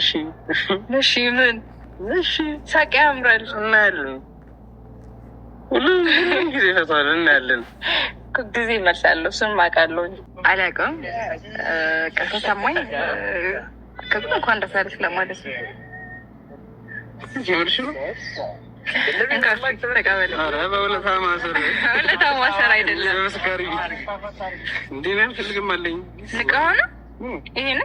እሺ እሺ ምን እሺ ያምራል። እናያለን፣ ሁሉም ጊዜ ይፈቷል። እናያለን ጊዜ ይመልሳለሁ። እሱንም አውቃለሁ። አላውቅም እንኳን ደስ አለሽ ለማለት ነው። ነው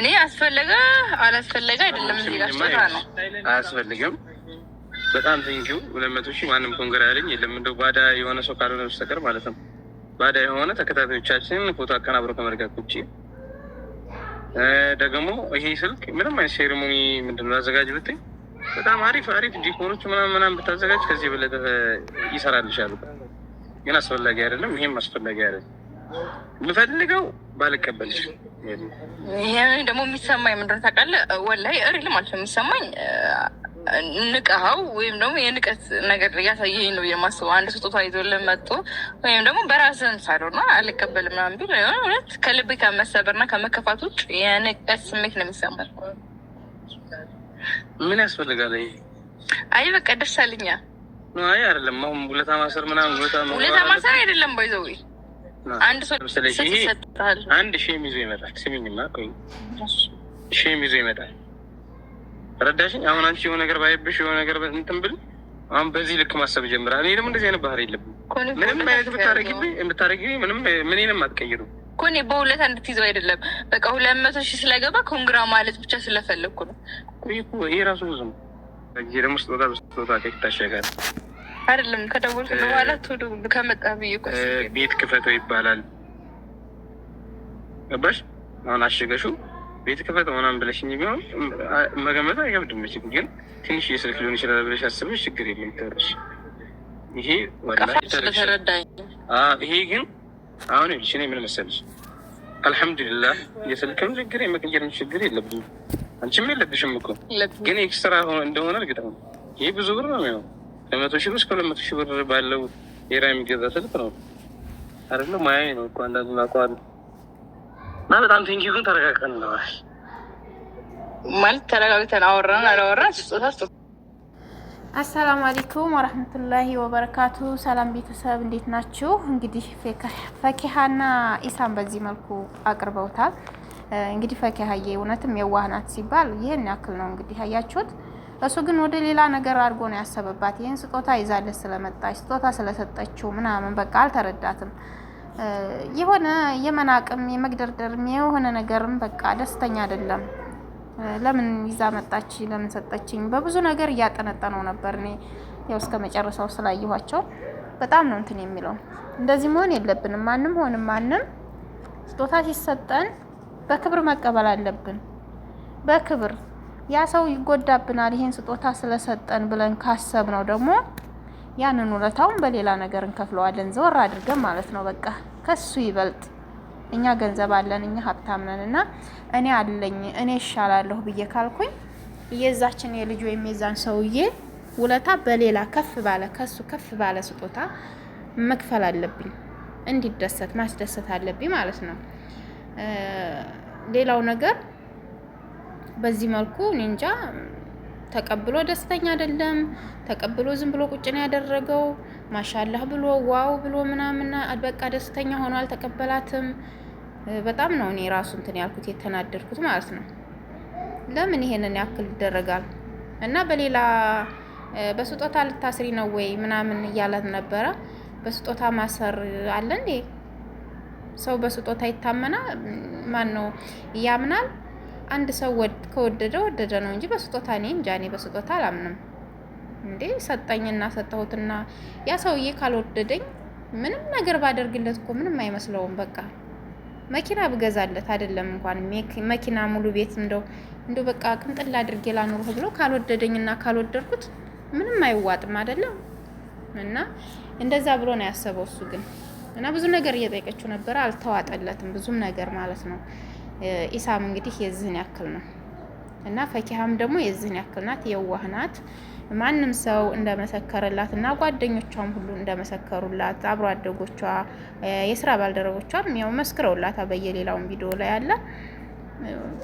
እኔ አስፈለገ አላስፈለገ አይደለም ነው። አያስፈልግም። በጣም ቴንኪው ሁለት መቶ ሺህ ማንም ኮንግራ ያለኝ የለም። እንደው ባዳ የሆነ ሰው ካልሆነ በስተቀር ማለት ነው። ባዳ የሆነ ተከታታዮቻችንን ፎቶ አቀናብሮ ከመርጋት ውጭ ደግሞ ይሄ ስልክ ምንም አይነት ሴሪሞኒ ምንድን ነው አዘጋጅ ብትይ በጣም አሪፍ አሪፍ ዲኮሮች ምናምን ምናምን ብታዘጋጅ ከዚህ በለጠ ይሰራልሻል። ግን አስፈላጊ አይደለም። ይሄም አስፈላጊ አይደለም። የምፈልገው ባልቀበልሽ ይህ ደግሞ የሚሰማኝ ምንድን ታውቃለህ? ወላሂ ማለት ነው የሚሰማኝ ንቀኸው ወይም ደግሞ የንቀት ነገር እያሳየኝ ነው የማስበው። አንድ ስጦታ ይዞልህ መጥቶ ወይም ደግሞ በራስህም ሳልሆን አልቀበልም ምናምን ቢል የሆነ እውነት ከልቤ ከመሰበርና ከመከፋት ውጭ የንቀት ስሜት ነው የሚሰማኝ። ምን ያስፈልጋል? አይ በቃ ደርሳልኛ። አይ አይደለም፣ አሁን ሁለታ ማሰር ምናምን ሁለታ ማሰር አይደለም ባይዘው አንድ ሰው አንድ ሼም ይዞ ይመጣል። ስሚኝማ ቆይ ሼም ይዞ ይመጣል። ረዳሽኝ። አሁን አንቺ የሆነ ነገር ባይብሽ የሆነ ነገር እንትን ብል አሁን በዚህ ልክ ማሰብ ጀምራ። እኔ ደግሞ እንደዚህ አይነት ባህር የለብኝ። ምንም አይነት ብታረጊልኝ ብታረጊልኝ ምንም ምንንም አትቀይሩ እኮ እኔ በሁለት እንድትይዘው አይደለም። በቃ ሁለት መቶ ሺህ ስለገባ ኮንግራ ማለት ብቻ ስለፈለግኩ ነው። ይሄ ራሱ ብዙ ነው። ደግሞ ስጦታ በስጦታ ታሸጋል አይደለም ከደወልክ በኋላ ቶሎ ከመጣ ብዬ እኮ ቤት ክፈተው ይባላል። ገባሽ? አሁን አሸገሽው ቤት ክፈተው ምናምን ብለሽኝ ቢሆን መገመት አይከብድም። ግን ትንሽ የስልክ ሊሆን ይችላል ብለሽ አስበሽ ችግር የለም ተረሽ። ይሄ ይሄ ግን አሁን ልሽ ምን መሰለሽ፣ አልሐምዱሊላህ የስልክም ችግር የመቀየርም ችግር የለብኝም። አንቺም የለብሽም እኮ ግን ኤክስትራ እንደሆነ እርግጥ ነው። ይሄ ብዙ ብር ነው የሚሆነው ከመቶ ሺህ ብር እስከ ሁለት መቶ ሺህ ብር ባለው ሄራ የሚገዛ ስልክ ነው አይደለ? ማያ ነው እኮ አንዳንዱ ናቋዋል እና በጣም ቴንኪዩ። ግን ተረጋግጠን ነዋል ማለት ተረጋግተን አወራን አላወራን ስጦታ አሰላሙ አለይኩም ወረህመቱላሂ ወበረካቱ። ሰላም ቤተሰብ እንዴት ናችሁ? እንግዲህ ፈኪሀና ኢሳን በዚህ መልኩ አቅርበውታል። እንግዲህ ፈኪሀዬ እውነትም የዋህናት ሲባል ይህን ያክል ነው። እንግዲህ አያችሁት እሱ ግን ወደ ሌላ ነገር አድርጎ ነው ያሰበባት። ይህን ስጦታ ይዛለች ስለመጣች ስጦታ ስለሰጠችው ምናምን በቃ አልተረዳትም። የሆነ የመናቅም የመግደርደርም የሆነ ነገርም በቃ ደስተኛ አይደለም። ለምን ይዛ መጣች? ለምን ሰጠችኝ? በብዙ ነገር እያጠነጠነው ነበር። እኔ ያው እስከ መጨረሻው ስላየኋቸው በጣም ነው እንትን የሚለው። እንደዚህ መሆን የለብንም። ማንም ሆንም ማንም ስጦታ ሲሰጠን በክብር መቀበል አለብን። በክብር ያ ሰው ይጎዳብናል፣ ይሄን ስጦታ ስለሰጠን ብለን ካሰብ ነው ደግሞ ያንን ውለታውን በሌላ ነገር እንከፍለዋለን፣ ዘወር አድርገን ማለት ነው። በቃ ከሱ ይበልጥ እኛ ገንዘብ አለን፣ እኛ ሀብታም ነን እና እኔ አለኝ እኔ እሻላለሁ ብዬ ካልኩኝ የዛችን የልጅ ወይም የዛን ሰውዬ ውለታ በሌላ ከፍ ባለ ከሱ ከፍ ባለ ስጦታ መክፈል አለብኝ፣ እንዲደሰት ማስደሰት አለብኝ ማለት ነው። ሌላው ነገር በዚህ መልኩ እኔ እንጃ ተቀብሎ ደስተኛ አይደለም። ተቀብሎ ዝም ብሎ ቁጭ ነው ያደረገው። ማሻላህ ብሎ ዋው ብሎ ምናምን በቃ ደስተኛ ሆኖ አልተቀበላትም። በጣም ነው እኔ ራሱ እንትን ያልኩት የተናደድኩት ማለት ነው። ለምን ይሄንን ያክል ይደረጋል? እና በሌላ በስጦታ ልታስሪ ነው ወይ ምናምን እያለት ነበረ። በስጦታ ማሰር አለ እንዴ? ሰው በስጦታ ይታመና ማን ነው ያምናል? አንድ ሰው ወ ከወደደ ወደደ ነው እንጂ በስጦታ እኔ እንጃ፣ እኔ በስጦታ አላምንም። እንዴ ሰጠኝና ሰጠሁትና ያ ሰውዬ ካልወደደኝ ምንም ነገር ባደርግለት እኮ ምንም አይመስለውም። በቃ መኪና ብገዛለት አይደለም እንኳን መኪና ሙሉ ቤት እንደው እንዶ በቃ ቅምጥላ አድርጌ ላኑርህ ብሎ ካልወደደኝና ካልወደድኩት ምንም አይዋጥም አይደለም። እና እንደዛ ብሎ ነው ያሰበው እሱ ግን እና ብዙ ነገር እየጠየቀችው ነበረ፣ አልተዋጠለትም ብዙም ነገር ማለት ነው። ኢሳም እንግዲህ የዚህን ያክል ነው። እና ፈኪሀም ደግሞ የዚህን ያክል ናት፣ የዋህ ናት። ማንም ሰው እንደመሰከረላት እና ጓደኞቿም ሁሉ እንደመሰከሩላት አብሮ አደጎቿ፣ የስራ ባልደረቦቿም ያው መስክረውላት በየሌላውን ቪዲዮ ላይ አለ።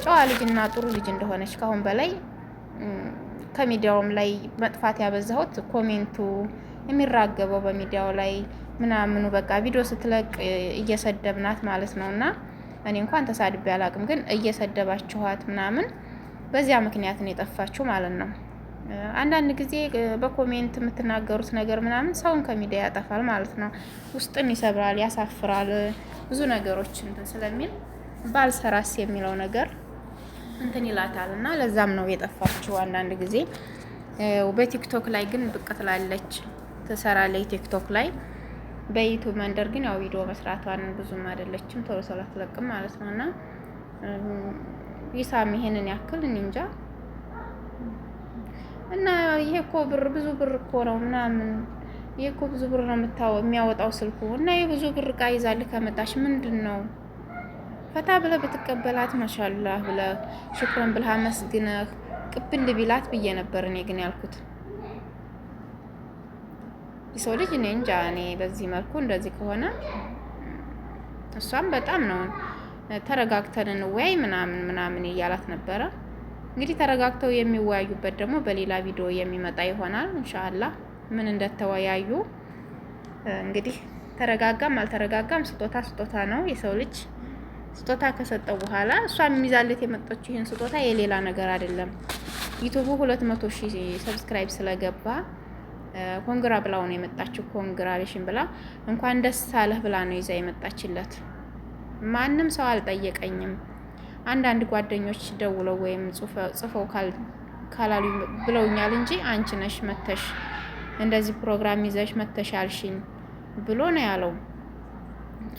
ጨዋ ልጅና ጥሩ ልጅ እንደሆነች ካሁን በላይ ከሚዲያውም ላይ መጥፋት ያበዛሁት ኮሜንቱ የሚራገበው በሚዲያው ላይ ምናምኑ በቃ ቪዲዮ ስትለቅ እየሰደብናት ማለት ነው። እና እኔ እንኳን ተሳድቤ አላቅም፣ ግን እየሰደባችኋት ምናምን በዚያ ምክንያት ነው የጠፋችው ማለት ነው። አንዳንድ ጊዜ በኮሜንት የምትናገሩት ነገር ምናምን ሰውን ከሚዲያ ያጠፋል ማለት ነው። ውስጥን ይሰብራል፣ ያሳፍራል። ብዙ ነገሮች እንትን ስለሚል ባልሰራስ የሚለው ነገር እንትን ይላታል እና ለዛም ነው የጠፋችው። አንዳንድ ጊዜ በቲክቶክ ላይ ግን ብቅ ትላለች፣ ትሰራለች ቲክቶክ ላይ። በዩቱብ መንደር ግን ያው ቪዲዮ መስራቷን ብዙም አይደለችም ቶሎ ቶሎ ማለት ነው እና ይሳም ይሄንን ያክል እኔ እንጃ እና ይሄ እኮ ብር ብዙ ብር እኮ ነው ምናምን ይሄ እኮ ብዙ ብር ነው የምታወ የሚያወጣው ስልኩ እና ይሄ ብዙ ብር እቃ ይዛልህ ከመጣሽ ምንድን ነው ፈታ ብለህ ብትቀበላት ማሻላህ ብለህ ሽኩረን ብለህ አመስግነህ ቅብል ቢላት ብዬ ነበር እኔ ግን ያልኩት የሰው ልጅ እኔ እንጃ እኔ በዚህ መልኩ እንደዚህ ከሆነ እሷም በጣም ነው ተረጋግተን እንወያይ ምናምን ምናምን እያላት ነበረ። እንግዲህ ተረጋግተው የሚወያዩበት ደግሞ በሌላ ቪዲዮ የሚመጣ ይሆናል እንሻላ ምን እንደተወያዩ እንግዲህ ተረጋጋም አልተረጋጋም ስጦታ ስጦታ ነው። የሰው ልጅ ስጦታ ከሰጠው በኋላ እሷ የሚዛለት የመጣችው ይህን ስጦታ የሌላ ነገር አይደለም። ዩቱቡ ሁለት መቶ ሺህ ሰብስክራይብ ስለገባ ኮንግራ ብላው ነው የመጣችው። ኮንግራሌሽን ብላ እንኳን ደስ አለህ ብላ ነው ይዛ የመጣችለት። ማንም ሰው አልጠየቀኝም። አንዳንድ ጓደኞች ደውለው ወይም ጽፈው ካላሉ ብለውኛል እንጂ አንቺ ነሽ መተሽ እንደዚህ ፕሮግራም ይዘሽ መተሽ አልሽኝ ብሎ ነው ያለው።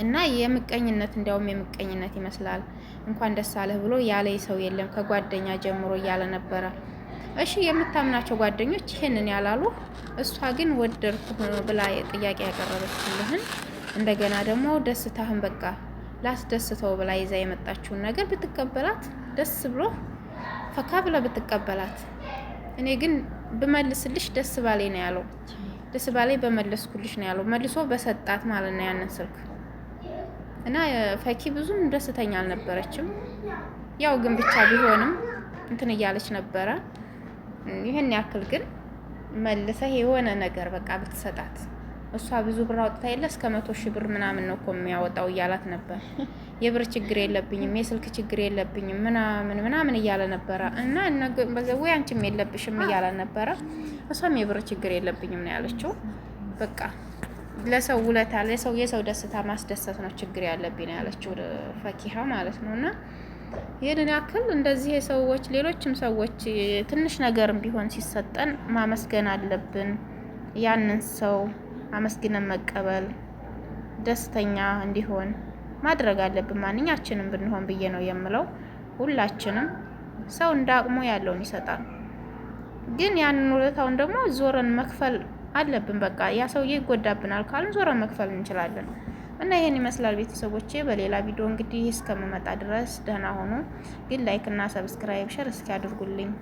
እና የምቀኝነት እንዲያውም የምቀኝነት ይመስላል። እንኳን ደስ አለህ ብሎ ያለ ሰው የለም ከጓደኛ ጀምሮ እያለ ነበረ። እሺ የምታምናቸው ጓደኞች ይህንን ያላሉ፣ እሷ ግን ወደድኩ ብላ ጥያቄ ያቀረበችልህን እንደገና ደግሞ ደስታህን በቃ ላስደስተው ብላ ይዛ የመጣችውን ነገር ብትቀበላት ደስ ብሎ ፈካ ብላ ብትቀበላት። እኔ ግን ብመልስልሽ ደስ ባሌ ነው ያለው። ደስ ባሌ በመለስኩልሽ ነው ያለው። መልሶ በሰጣት ማለት ነው ያንን ስልክ እና ፈኪ ብዙም ደስተኛ አልነበረችም። ያው ግን ብቻ ቢሆንም እንትን እያለች ነበረ። ይህን ያክል ግን መልሰህ የሆነ ነገር በቃ ብትሰጣት እሷ ብዙ ብር አውጥታ የለ እስከ መቶ ሺህ ብር ምናምን ነው እኮ የሚያወጣው እያላት ነበር። የብር ችግር የለብኝም፣ የስልክ ችግር የለብኝም ምናምን ምናምን እያለ ነበረ እና በዘዌ አንቺም የለብሽም እያለ ነበረ። እሷም የብር ችግር የለብኝም ነው ያለችው። በቃ ለሰው ውለታ ለሰው የሰው ደስታ ማስደሰት ነው ችግር ያለብኝ ነው ያለችው ፈኪሀ ማለት ነው እና ይህንን ያክል እንደዚህ ሰዎች ሌሎችም ሰዎች ትንሽ ነገርም ቢሆን ሲሰጠን ማመስገን አለብን ያንን ሰው አመስግነን መቀበል ደስተኛ እንዲሆን ማድረግ አለብን። ማንኛችንም ብንሆን ብዬ ነው የምለው። ሁላችንም ሰው እንደ አቅሙ ያለውን ይሰጣል። ግን ያንን ውለታውን ደግሞ ዞረን መክፈል አለብን። በቃ ያ ሰውዬ ይጎዳብናል ካልን ዞረን መክፈል እንችላለን። እና ይህን ይመስላል ቤተሰቦቼ። በሌላ ቪዲዮ እንግዲህ እስከምመጣ ድረስ ደህና ሆኑ። ግን ላይክ እና ሰብስክራይብ ሸር እስኪ አድርጉልኝ።